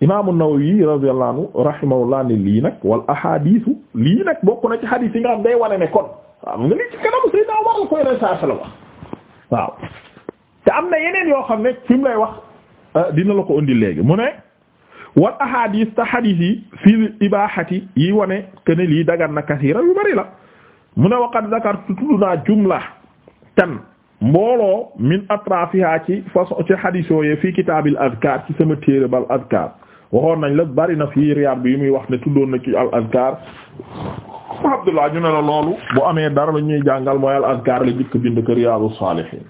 imaamu Nawawi radiyallahu anhu rahimahullah ne lii nag wal ahadisu lii nag bokk na ci hadis yi nga xam day wane ne kon waaw nga lii ci kanamu Seydina Umar la koy ren saa waaw te am na yeneen yoo xam ne fi lay wax ah, dina la ko indi léegi mu ne wal ahadis te hadis yi fii ibahati yi wane que lii dagan na kasiira yu bari la mu ne waqad zakartu tudd naa jumla tan mbooloo min atrafiha ci façon ci hadis yooyu fii kitaabil azkar ci sama téere bal waxoon nañ la bari na fii bi yu muy wax ne tuddoon na ci al azkar Abdullah ñu ne la loolu bu amee dara la ñuy jàngal mooy al azkar la jëkk bind ko Riyadus Salihin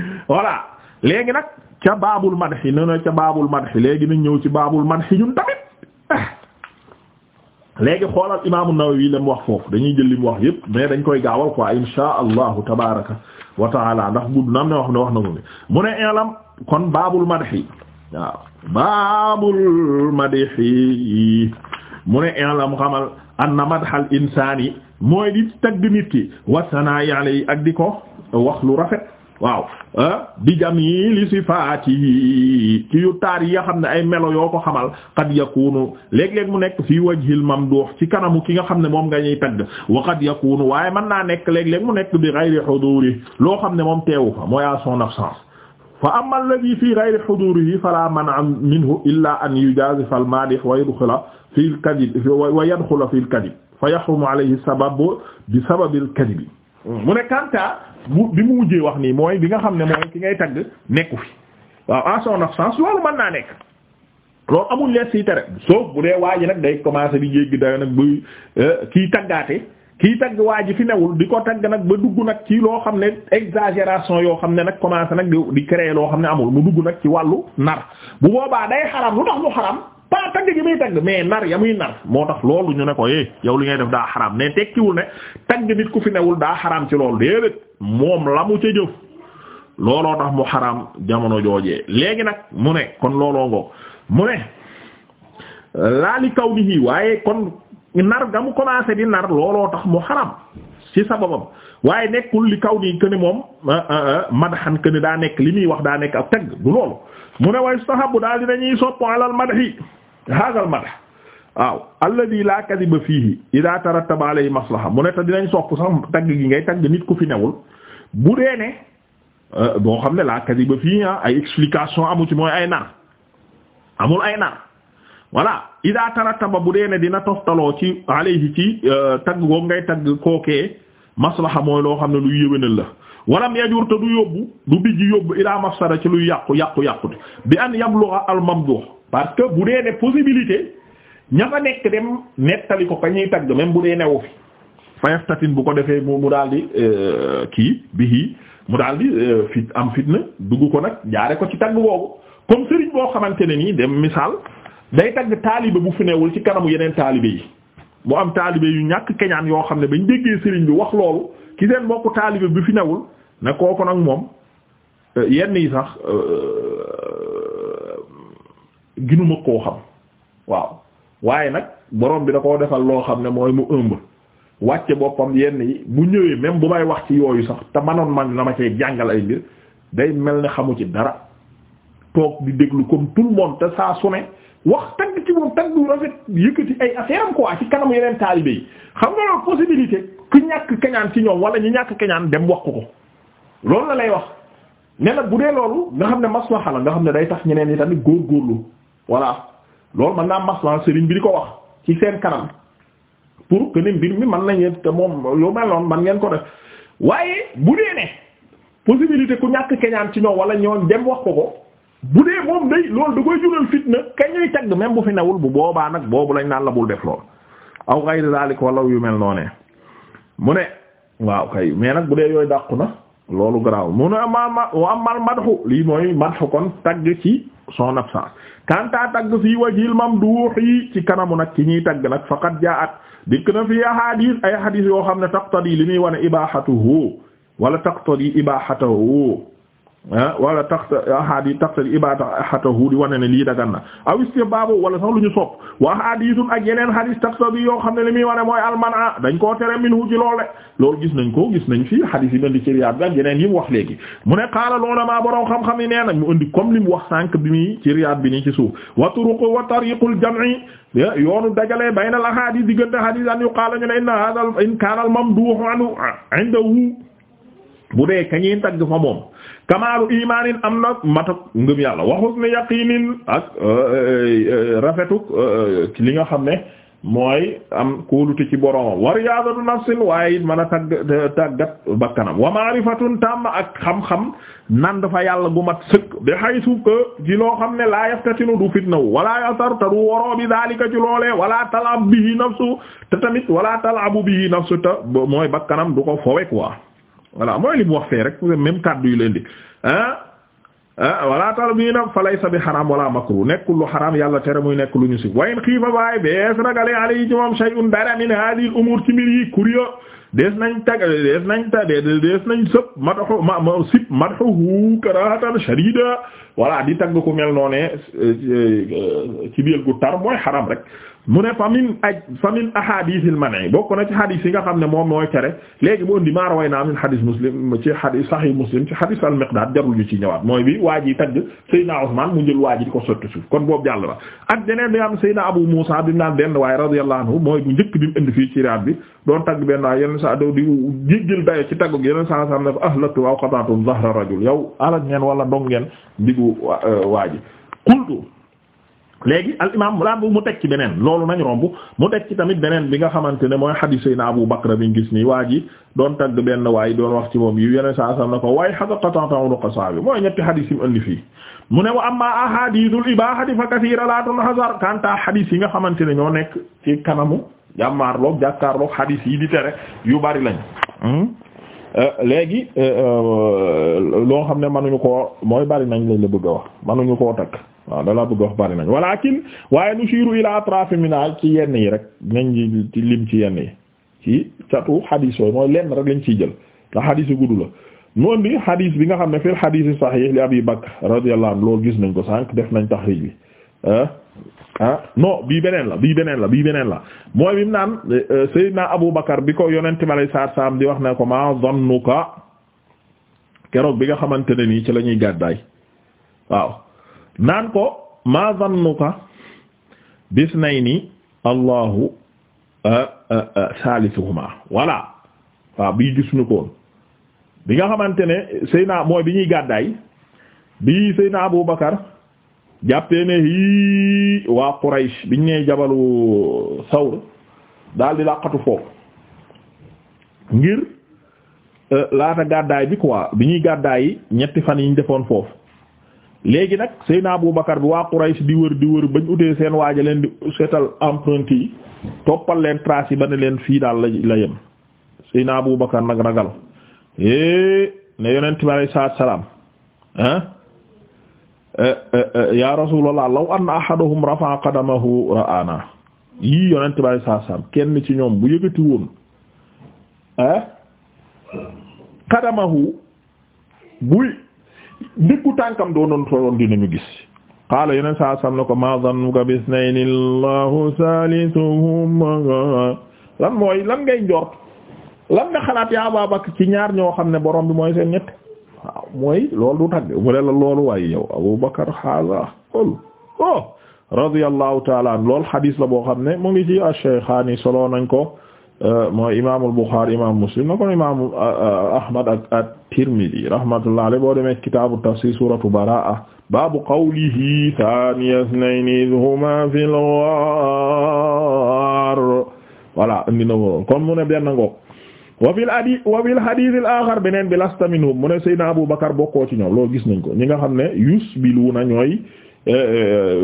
léegi nag ca baabul madhi ne na ca baabul madhi léegi nañ ñëw ci baabul madhi ñun tamit léegi xoolal imaamu Nawawi la mu wax foofu dañuy jël li mu wax yëpp mais dañ koy gaawal quoi insha allahu tabaraka wa taala ndax gudd na ne wax ne wax na mu mu ne ilam kon baabul madhi waaw baabul madihi mu ne i'lam xamal anna madhal yi mooy di tagg nit ki wa sanaa'i alayhi ak di ko wax lu rafet waaw ah, bi jamili sifaati ci yu taar yi nga xam ne ay melo yoo ko xamal qad yakunu léeg-léeg mu nekk fii wajhil mamduh ci kanamu ki nga xam ne moom nga ñuy tagg wa qad yakunu waaye mën naa nekk léeg-léeg mu nekk bi ghayri huduri loo xam ne moom teewu fa mooy à absence fa amma alladhi fi ghayri hudurihi fala man'a minhu illa an yujazifa al-madih wa yadkhula fi al-kadhib wa yadkhula fi al-kadhib fa yahrumu alayhi sabab bi sababi al-kadhib mu ne Kanta bu bi mu mujjee wax nii mooy bi nga xam ne mooy ki ngay tagg nekku fi waaw en son absence loolu mën naa nekk loolu amul lees si tere sauf bu dee waa ji nag day commencer di jéggi dayo nag buy eh, kii taggaate kii tagg waa ji fi newul di ko tagg nag ba dugg nag ci loo xam ne exagération yoo xam ne nag commencé nag di di créer loo xam ne amul mu dugg nag ci wàllu nar bu boobaa day xaram lu tax mu xaram pas tagg gi muy tagg mais nar ya muy nar moo tax loolu ñu ne ko eh yow li ngay def daa xaram mais tekkiwul ne tagg nit ku fi newul daa xaram ci loolu déedéet moom la mu ca jëf looloo tax mu xaram jamono joojee léegi nag mu ne kon looloo ngo mu ne laali kaw ni waaye nar ga mu commencé di nar looloo tax mu xaram ci sababam waaye nekkul li kaw nii këni moom ah, ah, ah, madaxan këni daa nekk li muy wax daa nekk ak teg du loolu mu ne way sahabu daal dinañuy sopp alal madaxi haazal madax waaw laa la fii fihi idha tarattaba alayhi maslaha mu ne te dinañ sopp sax tagg gi ngay tagg nit ku fi newul bu dee ne boo xam ne la kadhiba fihi ay explication amu ci mooy ay nar amul ay nar voilà ida ba bu dee ne dina toftaloo ci alayhi ci euh, tagg goog ngay tagg kookee maslaha mooy loo xam ne luy yëwénal la walam yajur te du yóbbu du bijj yóbbu ila mafsada ci luy yàqu yàqu yàqu bi an yablugha al mamduh parce que bu dee ne possibilité ña fa nekk dem nettali ko ka ñuy tagg même bu dee newu fi fayaftatin bu ko defee mu daal di euh, kii bihi mu daal di euh, fit am fitna dugg ko nag jaare ko ci tagg boobu comme sëriñ boo xamante ne nii dem misaal day tagg taalibe bu fi newul ci kanamu yeneen taalibe yi mu am taalibe yu ñàkk keñaan yoo xam ne bañ déggee sëriñ bi wax loolu ki seen mbokku taalibe bi fi newul ne kooku nag moom euh, yenn yi sax euh, ginuma koo xam waaw waaye nag borom bi da koo defal loo xam ne mooy mu ëmb wàcce boppam yenn yi bu ñëwee même bu may wax ci yooyu sax te manoon man na ma cee jàngal ay mbir day mel ne xamu ci dara toog di déglu comme tout le monde te saa su ne wax tagg ci moom tagg yu rafet yëkkati ay affaire am quoi ci kanam yeneen taalibe yi xam nga loolu possibilité ku ñàkk keñaan ci ñoom wala ñu ñàkk kañaan dem wax ko loolu la lay wax ne nag bu dee loolu nga xam ne maslaha la nga xam ne day tax ñeneen ñi tamit góorgóorlu voilà loolu mën naa maslaha sëriñ bi di ko wax ci seen kanam pour que ne mbir mi mën nañu te moom yow mel noonu man ngeen ko def waaye bu dee ku ñàkk kañaan ci ñoom wala ñoon dem wax ko ko. bu dee moom day loolu da koy jural fitna kañ tagg même bu fi newul bu boobaa nag boobu lañ naan labul bul def lool aw ghayr zalik yu mel noonee mu ne waaw kay mais nag bu dee yooyu dàqu na loolu garaaw mu ne amaama amal madhu lii mooy madhu kon tagg ci son absence kanta tagg fii wajil mamduhi ci kanamu nag ci ñuy tagg nag faqad jaat dikk na fi ahadith ay hadith yoo xam ne taqtadi li muy wane ibahatuhu wala taqtadi ibahatuhu wala tax taxta ahadit taxtali ibata hatahu di wane ne lii dagan na aw istihbaabu wala sax lu ñu sopp wa ahaditun ak yeneen hadis taxta bi yoo xam ne li muy wane mooy almana dañ koo tere minhu ci lool gis nañ ko gis nañ fii hadis yi indi ci Riyaad bi ak yi mu wax léegi mu ne qaala ulama borom xam-xam yi nee na mu indi comme li mu wax sànq bi muy ci Riyaad bi nii ci suuf wa turuqu wa tariqul jam'i yoonu dajale bayna al ahadit diggante hadis an yuqaala ñu ne inna hadha in kaana al mamduuh anhu indahu bu dee kañuy tagg fa moom kamaalu imaanin am na matuk ngëm yàlla wa husni yaqinin ak euh, euh, rafetuk euh, li nga xam ne mooy am kóolute ci boroomam wa riyaadatu nafsin waaye it mën a tagg tàggat bakkanam wa maarifatun tàmm ak xam-xam nan dafa yàlla gu mat sëkk bi haythu que ci loo xam ne laa yaftatinu du fitna wu wala yasar taru waroo bi daalika ci loolee wala talab bihi nafsu te tamit wala talabu bihi nafsu te mooy bakkanam du ko fowe quoi voilà mooy li mu wax fee rek même kàddu yu leen di ah ah wala tarmina fa laysa bi xaraam wala makru nekkul lu xaraam yàlla tere muy nekk lu ñu si wayen xiifa baay bees ragale alay ci moom shay'un dara min hadhihi al umur ci mbir yi kuriya des nañ tag des nañ tag des nañ sëpp madaxu ma ma sip madaxu karaatan sharida voilà di tagg ku mel noo ne eh, ci biir gu tar mooy xaram rek mu ne famin aj famin ahadithil mane bokk na ci hadis yi nga xam ne moom mooy tere léegi mu indi maara way naa min hadis muslim ci hadis sahih muslim ci hadis al miqdad jarul ñu ci ñëwaat mooy bi waa ji tagg Seydina Usmaan mu jël waa di ko sotti suuf kon boobu jàll la ak deneen bi am Seydina Abu Muusa bi mu naan benn waaye radiyallahu anhu mooy bu njëkk bi mu indi fii ci raat bi doon tagg benn waay yeneen sa daw di jéggil dayo ci tagg yeneen saa sam ne ko ahlaktu wa qata'tu dhahra rajul yow alak ngeen wala dog ngeen diggu euh, waaji qultu léegi al mu teg ci beneen loolu nañ romb mu teg ci tamit beneen bi nga xamante ne mooy xadiis sayna Abu Bakr biñ gis nii waa ji doon tagg benn waaye doon wax ci moom yi yeneen saa sam ne ko waaye xaga qata'tu qasabi mooy ñetti xadiis yi mu indi fii mu ne wa amma ahadithul ibahati fa kathira la tunhazar kanta xadiis yi nga xamante ne ñoo nekk ci kanamu jàmmaarloog jàkkaarloog xadiis yi di tere yu bari lañ hmm? euh, léegi euh, euh, loo xam ne mënuñu ko mooy bari nañ lañ la bëgg a wax mënuñu ko takk waaw da la bëgg wax bari nañ walakin waaye nu nushiru ila atrafi mina ci yenn yi rek nañ ci lim ci yenn yi ci catu xadiis yooyu mooy lenn rek lañ ciy jël ndax xadiis yu gudd la noon bi xadiis bi nga xam ne fil xadiis sahih li Abi Bakr radiyallahu anhu loolu gis nañ ko sànq def nañ taxriij bi ah non bii beneen la bii beneen la bii beneen la mooy bi mu naan eh, eh, Seydina Abu Bakar bi ko yonent bi alayhi salaatu salaam di wax ne ko ma zannuka keroog bi nga xamante ne nii ci la ñuy gàddaay waaw naan ko ma zannuka bis nay ni allahu eh, salisuhuma voilà waaw bii gisuñu koon bi nga xamante ne Seydina mooy bi ñuy gàddaay bi Seydina Abu Bakar jàppee ne hii waa Quraysh biñ ne jabalu Sawr daal di làqatu foofu ngir euh, laata gàddaay bi quoi bi ñuy gàddaay yi ñetti fan yiñ defoon foofu léegi nag Seydina Abu Bakar bi waa Quraysh di wër di wër bañ utee seen waaja leen di seetal empreinte yi toppal leen trace yi ba ne leen fii daal la la yem Seydina Abu Bakar nag ragal é eh, ne yonent bi salaam ah Eh, eh, eh, ya rasulallah law anna ahadahum rafa'a qadamahu ra'ana yii yonent bàyyi saa kenn ci ñoom bu yëkkati woon ah qadamahu buy diggu tànkam doonoon tooyoon dinañu gis qaala yonent saa saam ne ko ma zannuka bi isnayni allahu lan mooy lan ngay njort lan nga xalaat ya Abaa Bakr ci ñaar ñoo xam ne borom bi mooy seen ñett mooy loolu du tagg mu ne la loolu waaye yow Abu Bakar xaala loolu oh radiyallahu taala an loolu xadiis la boo xam ne mu ngi ci ash-Shaykhaani solo nañ ko euh, mooy imaamul Buxaari imaam Muslim na ko imaam euh, euh, Ahmad ak at-Tirmidhi rahmatullahi alayhi boo demee kitaabu tafsiir suuratu Baraa'a baabu qawlihi thaaniya ithnayni idh humaa fil ghaar voilà indi na woon kon mu ne benn ngoog wa fil adi wa fil hadith al beneen bi lasta minhum mu ne Seydina Abu Bakar bokkoo ci ñoom loolu gis nañ ko ñi nga xam ne na ñooy eh, eh,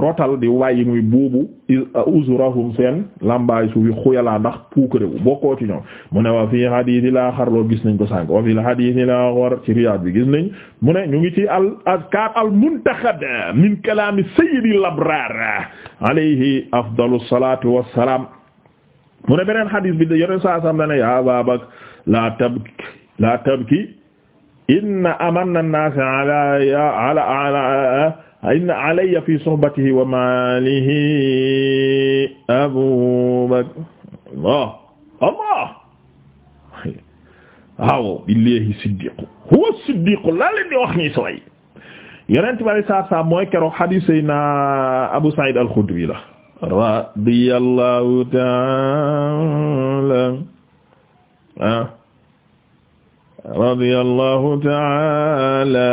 rotal di wàyyi muy buubu uh, uzurahum seen lambaay suufi xuyalaa ndax puukaréwu bokkoo ci ñoom mu ne wa fii hadithil akhar loolu gis nañ ko sànk wa fil hadithil akhar ci Riyad bi gis nañ mu ne ñu ngi ci al azkar al muntakhab min kalami sayyidil abrar alayhi afdalus salatu wassalam mu ne beneen xadis bi de yoneen saa sam dane ya Abaa Bakr la tabki la tabki inna amanna an-naasa ala ala inna alayya fi suhbatihi wa maalihi Abuu Bakr Allah Allah waaw billahi siddiqu huwa siddiqu laa leen di wax nii saway yonent bi alayhi salaam mooy keroog xadis Seydina Abu Saïd al-Xudri la radiyallahu ta'ala ah, radiyallahu ta'ala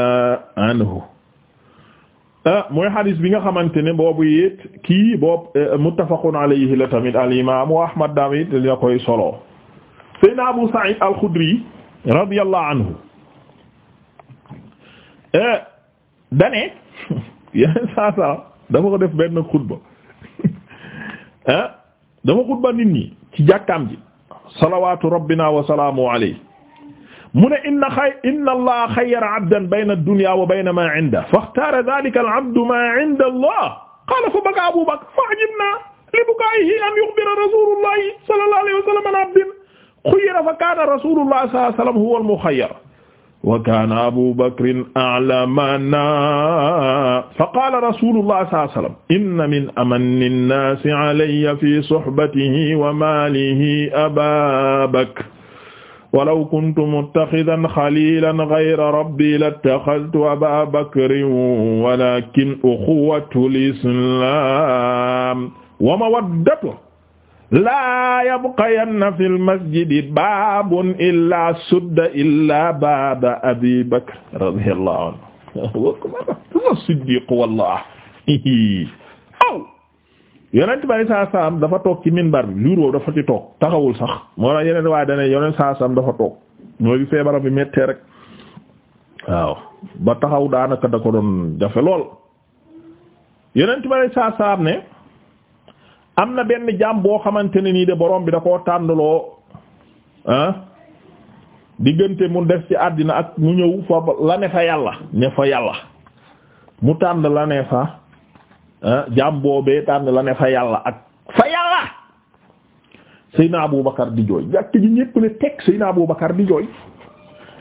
anhu ah, mooy xadis bi nga xamante ne boobu it kii boobu eh, muttafaqun alayhi la tamit al imaamu Ahmad damit la koy solo Seydina Abu Sa'id al-Khudri radiyallahu anhu eh, dane yeneen saa saa dafa ko def benn ah dafa xutba nit ñi ci jàkkaam ji salawaatu rabbina wa salaamu alayhi mu ne inna xay inna allaha xayyara abdan bayna ad-dunya wa bayna ma inda faxtaara dhalika al-abdu ma inda allah qaala fa baka abu bakr fa ajibna li bukaayihi an yuxbira rasulullahi sallallahu alayhi wa sallam an abdin xuyyira fa kaana rasulullah sallallahu alayhi wa sallam huwa al-muxayyar wa kaana abu bakrin a'lamana fa qaala rasulullah sallallahu alayhi wa sallam inna min amanni nnaasi alayya fi suhbatihi wa maalihi aba bakr walaw kuntu muttaxidan xalilan gayra rabbi lattaxadtu aba bakrin walakin uxuwatu lislaam wa mawaddatuhu laa yabqayanna fi lmasjidi baabun illaa sudda illaa baaba abi bakr radiyallahu anhu wa siddiq wallah aw yonent bi saa dafa toog ci minbar bi luur dafa ci toog taxawul sax moo tax yeneen waaye dane yonent saa dafa toog mooy feebaram bi mettee rek waaw ba taxaw daanaka da ko doon jafe lool yonent bi saa ne am na benn jaam boo xamante ne nii de boroom bi da koo tànnaloo ah, diggante mu def ci àddina ak mu ñëw fa la ne fa yàlla ne fa yàlla mu tànn la ne fa ah jaam la ne yàlla ak fa yàlla Seydina Aboubacar di jooy jàkk di jooy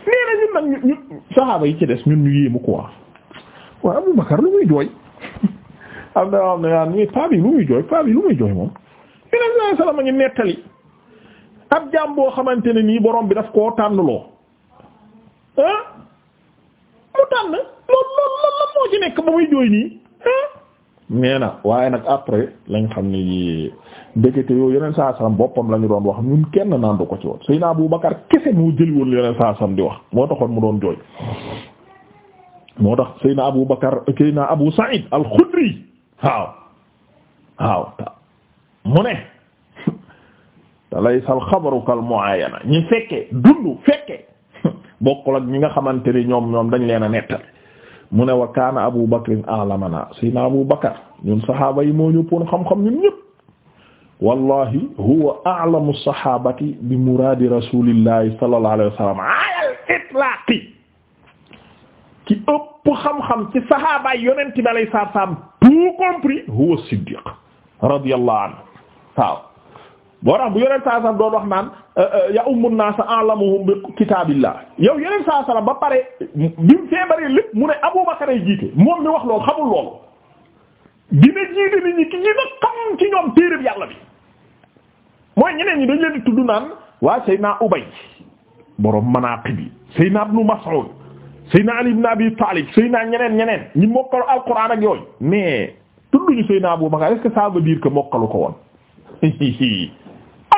nee na ñun nag ñu saxaaba yi ci des ñun ñu yéemu quoi waaw Aboubacar lu muy jooy. am na am na ni paa bi lu muy jooy paa lu muy jooy moom yeneen sallallahu alayhi a ngi nettali ab jaam boo xamante ne nii borom bi daf koo tànn loo mu tànn loolu loolu loolu la moo ci na waaye nag après lañ xam ne yi ndekete boppam la ñu doon wax ñun kenn naan ko ci woon Seydina Abu Bakar kese moo jël woon yeneen saa salaam di wax moo taxoon mu doon jooy moo tax Seydina Abu Bakar Seydina Abu Saïd al-Khudri waaw waaw mu ne te laysal xabaru kal muayana ñi fekke dund fekke bokkul ak ñi nga xamante ni ñoom ñoom dañ leen a nettal mu ne wa kaana abu bakrin alamana sayna abu bakar ñun saxaaba yi moo ñëppoon xam-xam ñun ñëpp wallahi huwa a'lamu saxaabati bi muraadi rasulillahi sallallahu alayhi wa sallam ala al itlaaq ci ëpp xam-xam ci saxaabaay yonent bi alayhi salaam tout compris huwa Siddiq radiyallahu anhu waaw boo tax bu yonent saa sallam doon wax naan euh, euh, ya ummu naasa a'lamuhum bi kitaabillah yow yonent saa sallam ba pare bi mu feebaree lépp mu ne Abubakar jiite moom mi wax loolu xamul loolu dina jiite nit ñi ki ñi nga xam ci ñoom téereb yàlla bi mooy ñeneen ñi dañ leen di tudd naan waa Seydina Ubay borom Manaaqib bi Seydina Ibnu Mas'ud Seydina Ali ibn Abi Talib Seydina ñeneen ñeneen ñi mokkalu alquran ak yooyu mais tudduñu Seydina Abu Bakar est-ce que ça veut dire que mokkalu ko woon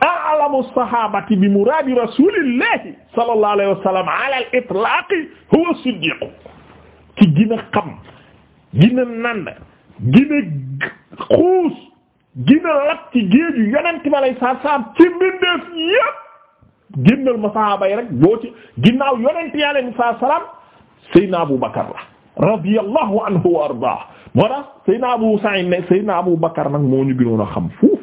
aw a'lamu sahabati bi muradi rasulillahi sallallahu alayhi wa sallam ala al-itlaq huwa Siddiq ci gën a xam gën a nand gën a xuus gën a lap ci géeju yonent bi alayhi salaam ci mbindeef yépp génnal ma sahaaba yi rek boo ci ginnaaw yonent yi alayhi salaam Seydina Abu Bakar la radiyallahu anhu wa ardaa moo na Seydina Abu Sa'id ne Seydina Abu Bakar nag moo ñu gënoon a xam fuuf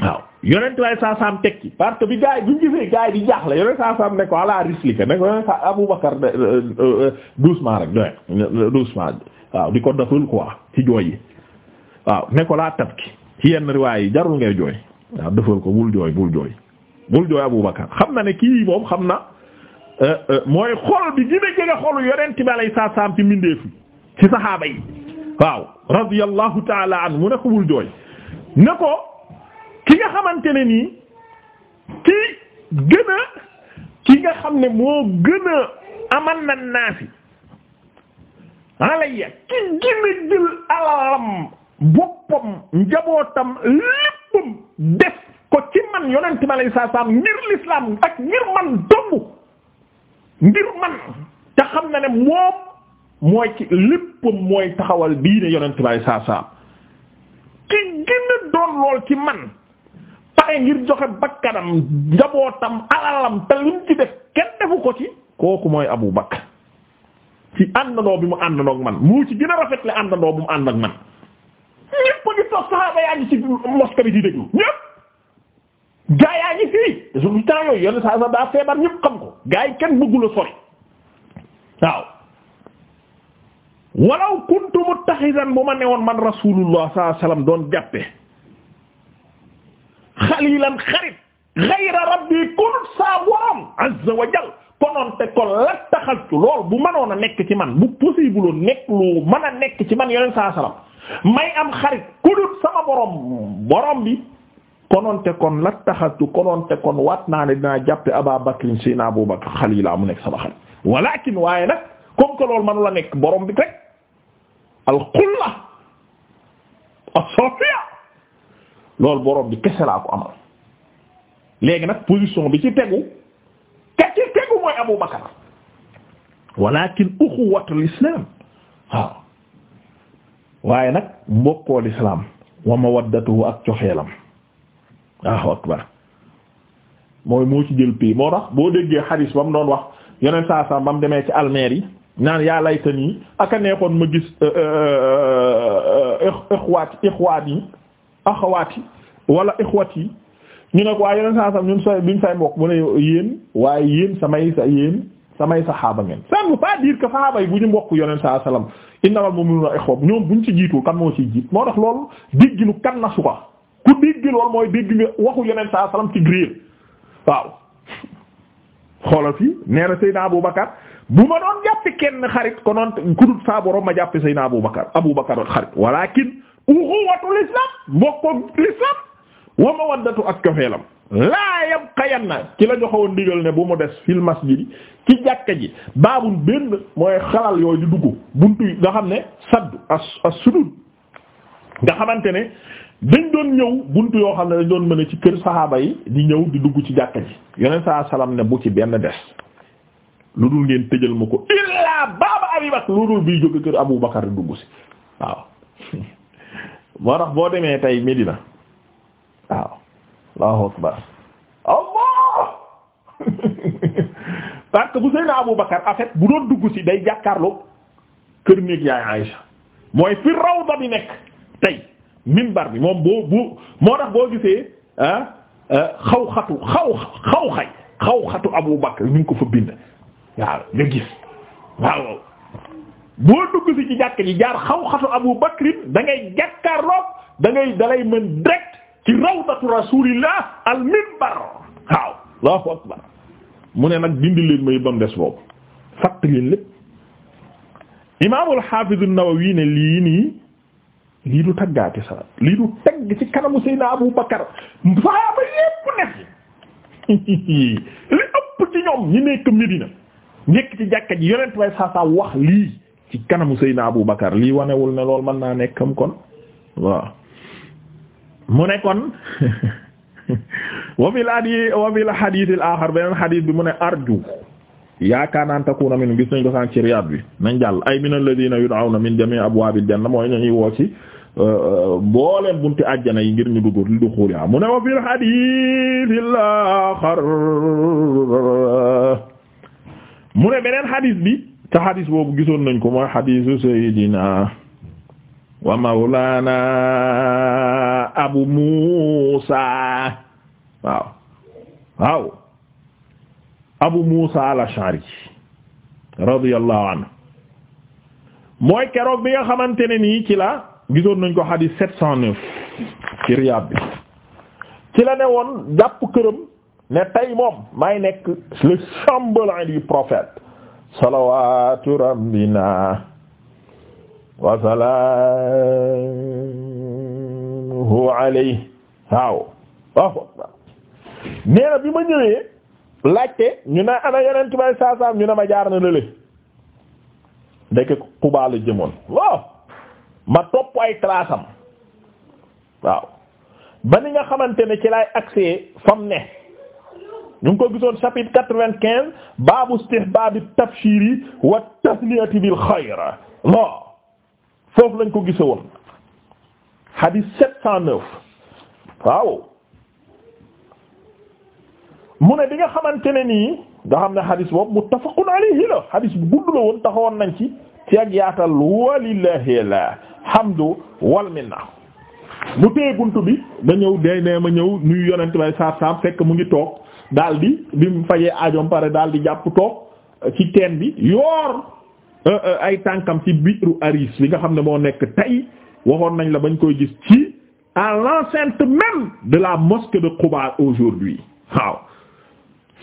waaw yonent way saa saam tekki parce que bi gars yi bi ñu gisee gars yi di jaaxle yonent saa saam ne ko ala rislika ne ko yonent saa Abu Bakar euh, euh, doucement rek doy doucement waaw di ko daful quoi ci jooy yi waaw ne ko laa tabki ci yenn riwaay yi jarul ngay jooy waaw dafal bul jooy Abubakar xam na ne kii moom xam na euh, euh, mooy xol bi dina jege xolu yonent bi alayhi salaam ci mbindeef ci saxaaba yi waaw radiyallahu taala an mu ne ko bul jooy ne ko ki nga xamante ne nii ki gën ki nga xam ne moo gën a aman na naasi alayya ki gën alalam boppam njabootam léppam def ko ci man yonent bi alayhi ngir l'islam ak ngir man dong ngir man te xam na ne moom mooy ci léppam mooy taxawal bii yonent bi alayhi salaam ki gën a doon lool ci man pare ngir joxe bakkanam njabootam alalam te lim ci def kenn defu ko ci kooku mooy Abu Bakr ci àndandoo bi mu àndandoo man mu ci gën a rafet le àndandoo bi mu ànd man ñépp ngi toog saxaaba yaa ngi ci bi di déglu gaa yaa ngi fii su yooyu yenn saa sax daa feebar ñëpp xam ko gaa yi kenn bëggula sori waaw walaw kuntu muttaxidan bu ma newoon man rasulullah sallallahu alayhi wasallam doon jàppe xalilan xarit xayra rabbi kunut saa borom azza wa jal te kon la taxaltu lool bu mënoon a nekk ci man bu possible nekk lu mën a nekk ci man yeneen saa salam may am xarit kunut sama borom borom bi konoon te kon la taxatu konoon te kon waat naa ne dinaa jàppe Abaa Bakrin Seydina Abu Bakr xaliilaa mu nekk sama xarit walakin waaye nag comme que loolu manu la nekk borom bi rek alxulla as-safiya loolu borom bi kese laa ko amal léegi nag position bi ci tegu ka ci tegu mooy Abu Bakar walakin uxuwatul islam waaye nag mbokkoo l'islam wa mawaddatuhu ak coxeelam waaw akbar mooy moo ci jël pay moo tax boo déggee xaris ba mu doon wax yeneen saa saa ba mu demee ci almeer yi naan yaa layta nii aka neexoon ma gis euh, euh, euh, ixwaat ixwaat yi axawaat yi wala ixwat yi ñu ne ko waaye yeneen saa saa ñun sa biñ say mbokk mu ne yéen waaye yéen samay sa yéen samay saxaaba ngeen ça ne veut pas dire que saxaaba yi bu ñu mbokk yoneen saa salaam innamal mu'minuna ixwa ñoom buñ ci jiitu kan moo ci jiit moo tax loolu digginu kan na su ku dégg lool mooy dégg nga waxu yeneen saa salaam ci grier waaw xoolal fii nee na Abu Bakar bu ma doon jàppi kenn xarit konoon ku dul saa borom ma jàppi Seydina Abu Bakar Abu Bakar xarit walakin uxuwatul islam mbokkoog l'islam wa mawaddatu ak cofeelam laa yabqayanna ci la joxewoon ndigal ne bu mu des fil masjid ci jàkka ji baabul benn mooy xalal yooyu di dugg buntu yi nga xam ne sadd as as nga xamante ne dañ doon ñëw buntu yoo xam ne dañ doon mën a ci kër saxaaba yi di ñëw di dugg ci jàkka ji yeneen saa salaam ne bu ci benn des lu dul ngeen tëjal ma ko illaa baaba abi lu dul biy jóge kër abu bakar dugg si waaw moo tax boo demee tey Medina waaw allahu bu sëy na abu bakar en bu doon dugg si day jàkkaarloo kër néeg yaay Aïcha mooy fi rawda bi nekk tey minbar bi moom boo bu moo tax boo gisee ah, ah xaw xatu xaw xaw xay xaw xatu Abu Bakr ñu ngi ko fa bind waaw nga gis boo dugg si ci jàkk ji jaar xaw xatu Abu Bakr da ngay jàkkaarloog da ngay dalay mën direct ci rawdatu rasulillah al minbar waaw Allahu akbar mu ne nag dindi leen ma bam des boobu fàtt leen lépp imaamul xaafiz an-Nawawi ne lii lii du taggaati salat lii du tagg ci kanamu Seydina Abu Bakar saaba yépp nekk li ëpp ci ñoom ñi nekk Medina nekk ci jàkka ji yonent way saa saa wax lii ci kanamu Seydina Abu Bakar lii wanewul ne lool mën naa nekkam kon waaw mu ne kon wa fil hadiis wa fil hadiis al aaxar beneen hadiis bi mu ne arju yaakaar naan takuna min gis nañ ko sànq ci Riyad bi nañ jàll ay min alladina yud'awna min jami' abwabil janna mooy nañuy woo ci euh, euh, booleen bunti àjjana yi ngir ñu dugg li du xuuli mu ne wa fil hadithil akhar mu ne beneen hadith bi ca hadith boobu gisoon nañ ko mooy hadithu sayidina wa mawlana abu musa waaw waaw Abu Musa al-Ash'ari radiyallahu anhu mooy keroog bi nga xamante ne nii ci la gisoon nañ ko xadiis sept ci Riyaad bi ci la ne woon jàpp këram ne tey moom may nekk le chambellan du prophète salawatu rabbina wa salaamuhu alayhi waaw waaw bi ma ñëwee laajte ñu ne ana yeneen tubaab saa saa ñu ne ma jaar na lële ndeke Quba la jëmoon waaw ma topp ay classam waaw ba nga xamante ne ci laay accès fam ne ñu ngi ko gisoon chapitre quatre-vingt-quinze baabu istihbaabi tabshiri wa tahniyati bil xayr waaw foofu lañ ko gisoon hadith sept cent neuf waaw mu ne bi nga xamante ne nii nga xam ne xadis boobu muttafaqun alayhi la xadis bu gudd la woon taxawoon nañ ci ci ak yaatal walillahi alhamdu wal minna bu téye bunt bi da ñëw day nee ma ñëw nuyu yonent bay saab saab fekk mu ngi toog daal di bi mu fajee ajoom pare daal di jàpp toog ci teen bi yoor euh, euh, ay tànkam ci biiru aris bi nga xam ne moo nekk tey waxoon nañ la bañ koy gis ci à l'enceinte même de la mosquée de Quba aujourd'hui waaw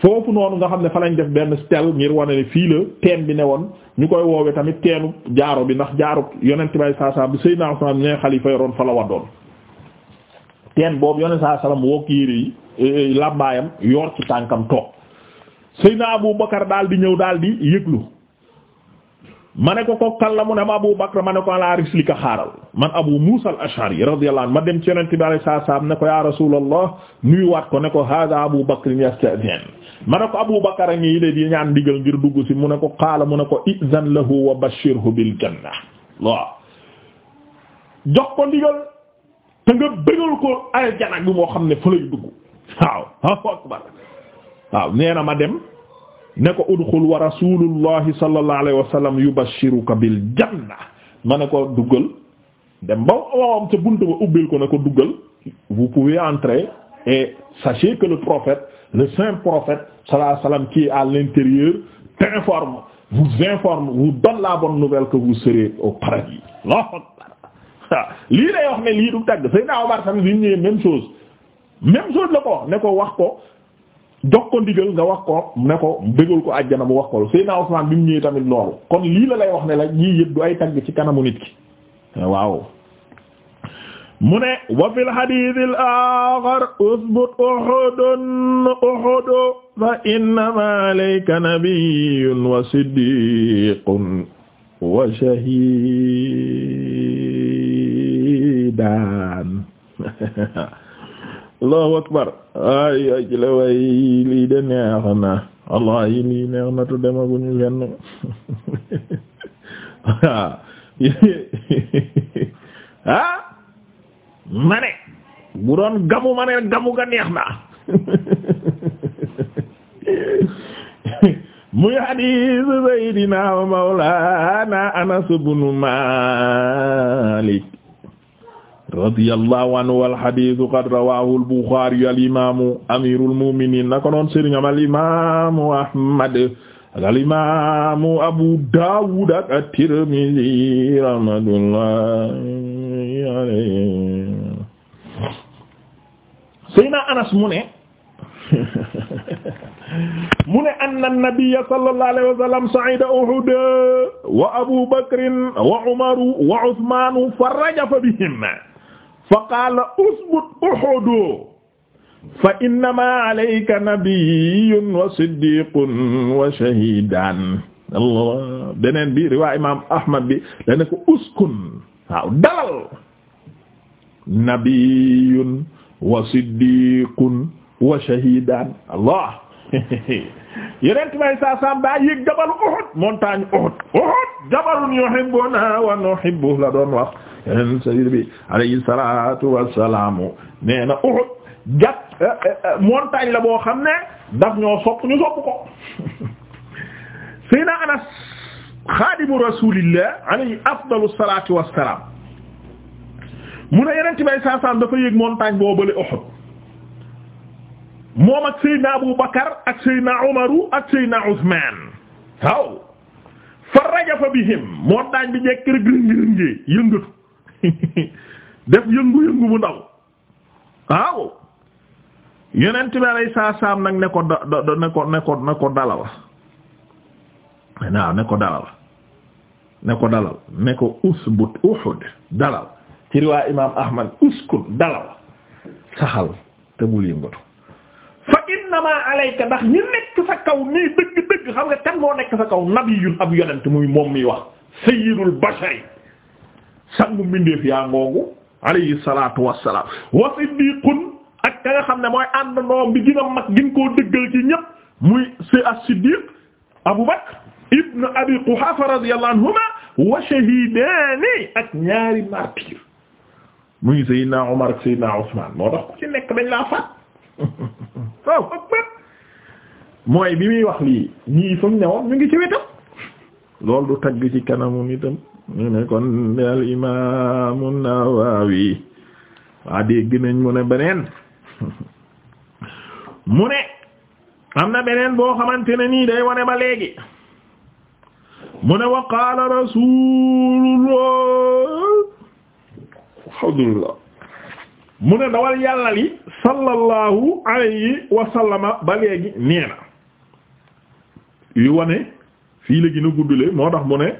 foofu noonu nga xam ne fa lañ def benn stèle ngir wane ne fii la teen bi ne woon ñu koy woowee tamit teenu jaaro bi ndax jaaro yonent bay saa saa bi Seydina Usmaan ne xalifa yoroon fa la waddoon teen boobu yonent saa salaam wokk yére yi eh, eh, làmbaayam yor ci tànkam toog Seydina ba Bakar daal di ñëw daal di yëglu ma ne ko kookal la mu ne ma Abu Bakr ma ne ko ala rislika xaaral man Abu Musa al-Ash'ari ma dem ci yonent bi alayhi salaam ne ko ya Rasulullah nuyuwaat ko ne ko hada Abu Bakr yasta'zin ma ne ko Abu Bakr a ngi de di ñaan digal ngir dugg si mu ne ko qaala mu ne ko i'zan lahu wa bashshirhu bil janna waaw jox ko digal te nga bégal ko aljana bi moo xam ne fa lay dugg waaw waaw na ma dem. ne ko udxul wa rasulullahi sallallahu yubashiruka bil janna ma ne ko duggal dem ba waawam ca buntu ba ubbil ko ne ko duggal vous pouvez entrer et sachez que le prophète le saint prophète sallallahu alayhi wa à l'intérieur t'informe vous informe vous donne la bonne nouvelle que vous serez au paradis Allahu akbar lii wax ne lii du tagg Seydina Omar tamit bi ñu ñëwee même chose même chose la ko wax ne ko wax ko jox ko ndigal nga wax ko ne ko bégal ko àjjana mu wax ko Seydina Usmaan bi mu ñëwee tamit loolu kon lii la lay wax ne la ñii yëpp du ay tagg ci kanamu nit ki waaw mu ne wa fil hadith al usbut uhudun uhudu fa innama alayka nabiyyun wa siddiqun wa shahidan allahu akbar ay ay ci way lii de neex na allah yi lii neex na tu demaguñu fenn ah ma ne bu doon gamu ma gamu ga neex na muy hadis saydina wa mawlana anas ibn radiyallahu anhu wal hadiisu qad rawaahu al Buxaari al imaamu amiirul mu'miniin naka noonu sëriñam al imaamu Ahmad ak al imaamu Abu Daawuud ak at-Tirmidhi rahmatullahi alayhi. Seydina Anas mu ne mu ne anna nabiyya sallallahu alayhi wa sallam sa'ida Uhud wa Abu Bakr wa Umar wa Uthman fa rajafa bihim fa qaala usbut uhudu fa innama alayka nabiyyun wa siddiqun wa shahidan allah beneen bi riwaa imam ahmad bi dane ko uskun waaw dalal nabiyyun wa siddiqun wa shahidan allah yeneen may saa saam daa yéeg jabalu Uhud montagne Uhud Uhud jabalun yuhibbuna wa nuhibbu la doon wax yeneen sa bi alayhi salaatu wassalaamu nee na Uhud jat eh, eh, eh, montagne la boo xam ne daf ñoo sopp ñu sopp ko Seydina Anas xaadimu rasuulillah alayhi afdalu salaatu wassalaam mu ne yeneen may saa saam dafa yéeg montagne boo bële Uhud moom ak Seydina Abu Bakar ak Seydina Umaru ak Seydina Usman waaw fa rajafa bihim montagne bi njëkk rek rëngi rëngee yëngatu def yëngu-yëngu bu ndaw waaw yonent bi alayhi salaam nag ne ko da ne ko ne ko dalal ne ko dalal ne ko usbut Uhud dalal ci riwaa imaam Ahmad uskun dalal saxal te bul innamaa alayka ndax ñi nekk sa kaw nii dëgg dëgg xam nga kan moo nekk sa kaw nabiyun ab yonent muy moom mi wax sayyidul bashari sangu mbindeef yaa ngoogu alayhi salaatu wassalaam wa siddiqun ak ka nga xam ne mooy ànd ndoom bi gën a mag gin koo dëggal ci ñépp muy si as-siddiq abu bakr ibn abi quhafa radiyallahu anhuma wa shahidaani ak ñaari martyr muy sayyidina umar ak sayyidina usman moo tax ku ci nekk dañ laa faat waaw mooy bi muy wax lii ñii fu mu ne woon ñu ngi ci wetam loolu du tagg ci kanamu nitam ñu ne kon al imaamu Nawawi waa dégg nañ mu ne beneen mu ne am na beneen boo xamante ne nii day wane ba léegi mu ne wa qaala rasulullah alhamdulillah mu ne dawal yàlla li sallallahu alayhi wa ba léegi nee na wane fii la gën a guddule moo tax mu ne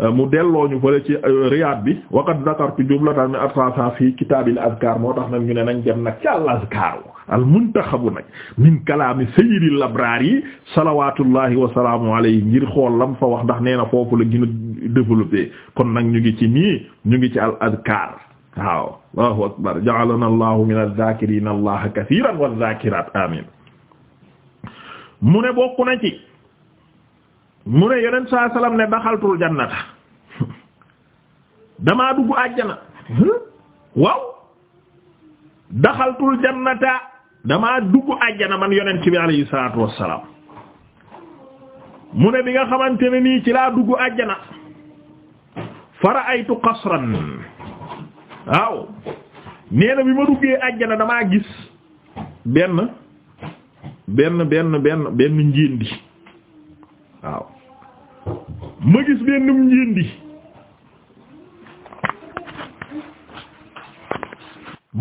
euh, mu delloo ñu fële ci euh, Riyad bi waqad zakartu jublatan min atrafa fi kitaabil azkar moo tax nag ñu ne nañ dem nag ci al azkar al muntaxabu nag min kalaami sayyidil abraar yi salawaatullahi wa salaamu alayhi ngir xool lam fa wax ndax nee na foofu la gën a kon nag ñu ngi ci nii ñu ngi ci al azkar waaw allahu akbar ja'alana allahu min az-zakirina allaha kathiran mu ne bokk na ci mu ne yonent saa salaam ne daxaltul jannata damaa dugg àjjana waaw daxaltul jannata damaa dugg àjjana man yonent bi alayhi salaatu wassalaam mu ne bi nga xamante ne nii ci laa dugg àjjana fara aytu qasran waaw nee na bi ma duggee àjjana damaa gis benn benn benn benn benn njindi waaw ma gis benn njindi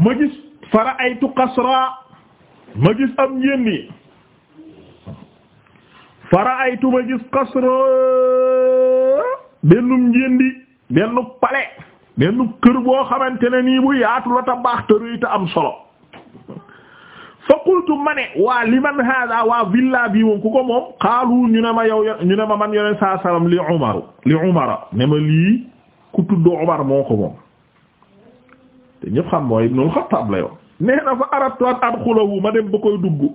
ma gis fara aytu qasra ma gis am njindi fara aytu ma gis qasra bennum njindi benn pale benn kër boo xamante ne nii bu yaatu la ta baax te rëy am solo fa qultu ma ne waa liman hada waa villa bi moom ku ko moom xaalu ñu ne ma yow ñu ne ma man yoneen saa li umaru li umara ne ma lii ku tudd umar moo ko moom te ñëpp xam mooy ibnul xattaab la yoon nee na fa aradtu an adxulahu ma dem ba koy dugg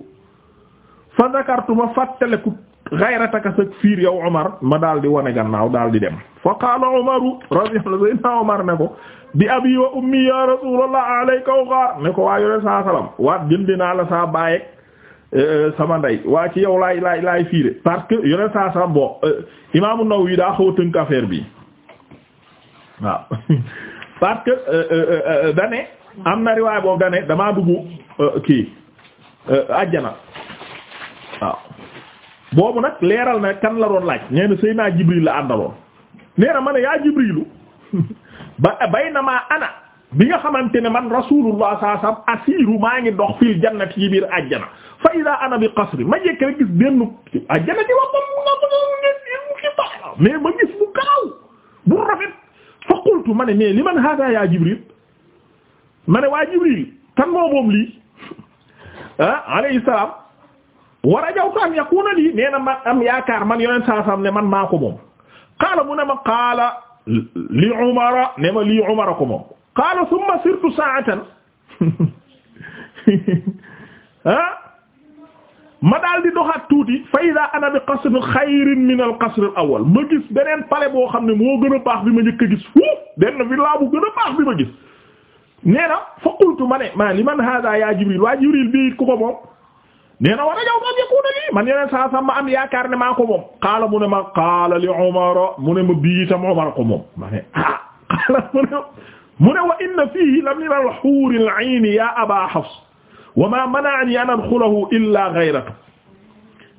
fa zakartu ma fàttaleku xayrataka sag fiir yow Omar ma daal di wane gannaaw daal di dem fa qaala Omaru radiyallahu anhu Omar ne ko bi abi wa ummi ya rasulallah alayka waat jëndi la saa baayek euh, sama ndey waa ci yow laay laay laay fiire parce que yore saa salam bon euh, Imaam An-Nawawi daa xaw a bi parce que euh, dane am na riwaay boobu dane damaa dugg kii ajjana waaw boobu nag leeral na kan la doon laaj nee na Seydina Jibril la àndaloon nee na ma ne yaa Jibrilu ba baynamaa ana bi nga xamante ne man rasulullah saa sam asiiru maa ngi dox fil jannati ci biir àjjana fa ida ana bi qasri ma jekk rek gis benn àjjana ci wax bam nga mu ki bax mais ma gis bu gaaw bu rafet fa qultu ma ne mais li man hada yaa Jibril ma ne waa Jibril kan moo moom lii ah alayhi salaam war a jawtu an yakuna lii nee na man am yaakaar man yoneen saa saam ne man maa ko moom qaala mu ne ma qaala li umara ne ma lii umara ko moom qaala summa sirtu saatan ah ma daal di doxaat tuuti fa ida ana bi qasrin xayrin min al qasr al awal ma gis beneen palais boo xam ne moo gën a baax bi ma njëkk a gis fuuf benn villa bu gën a baax bi ma gis nee na fa qultu ma ne maa liman hada ya jibril waa jibril bi ku ko moom nee na war a yow doon yëkkuuna lii man yeneen saa sam ma am yaakaar ne maa ko moom xaala mu ne ma xaala li Umar mu ne ma bii itam Umar ko moom ma ne ah xaala mu ne mu ne wa inna fiihi la min al-huuri al-ayni ya Aba Hafs wa ma mana'ani an adxulahu illa ghayratu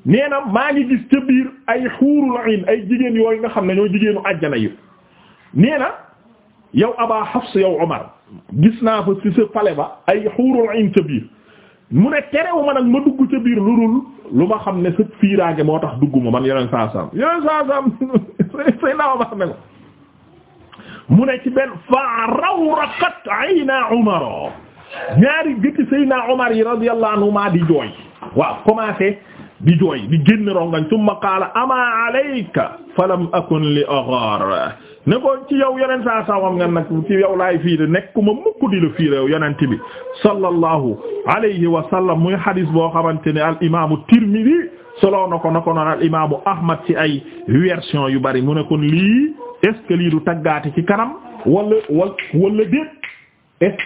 nee na maa ngi gis ca biir ay xuurul ayn ay jigéen yooyu nga xam ne ñoo jigéenu àjjana yi nee na yow Aba Hafs yow Umar gis naa fa ci sa palais ba ay xuurul ayn ca biir mu ne terewuma nag ma dugg ca biir lu dul lu ma xam ne sëg fiiraange moo tax dugguma man yeneen saa saam yeneen saa saam say naaw ma xam ne ko mu ne ci benn fa rawraqat ayna Umar ñaari gëti sayna Umar yi radiyallahu anhuma di jooy waaw commencé di jooy di génn rongañ tumma qaala ama alayka falam akun li aghar ne ko ci yow yonent saa sawam nga nag ci yow laay fiire nekkuma mukk di la fiire yow yonent bi sallallahu alayhi wa sallam muy hadis boo xamante ne al imaamu Tirmidhi solo na ko na ko noon al imaamu Ahmad ci ay version yu bari mu ne kon lii est ce taggaati ci kanam wala wala wala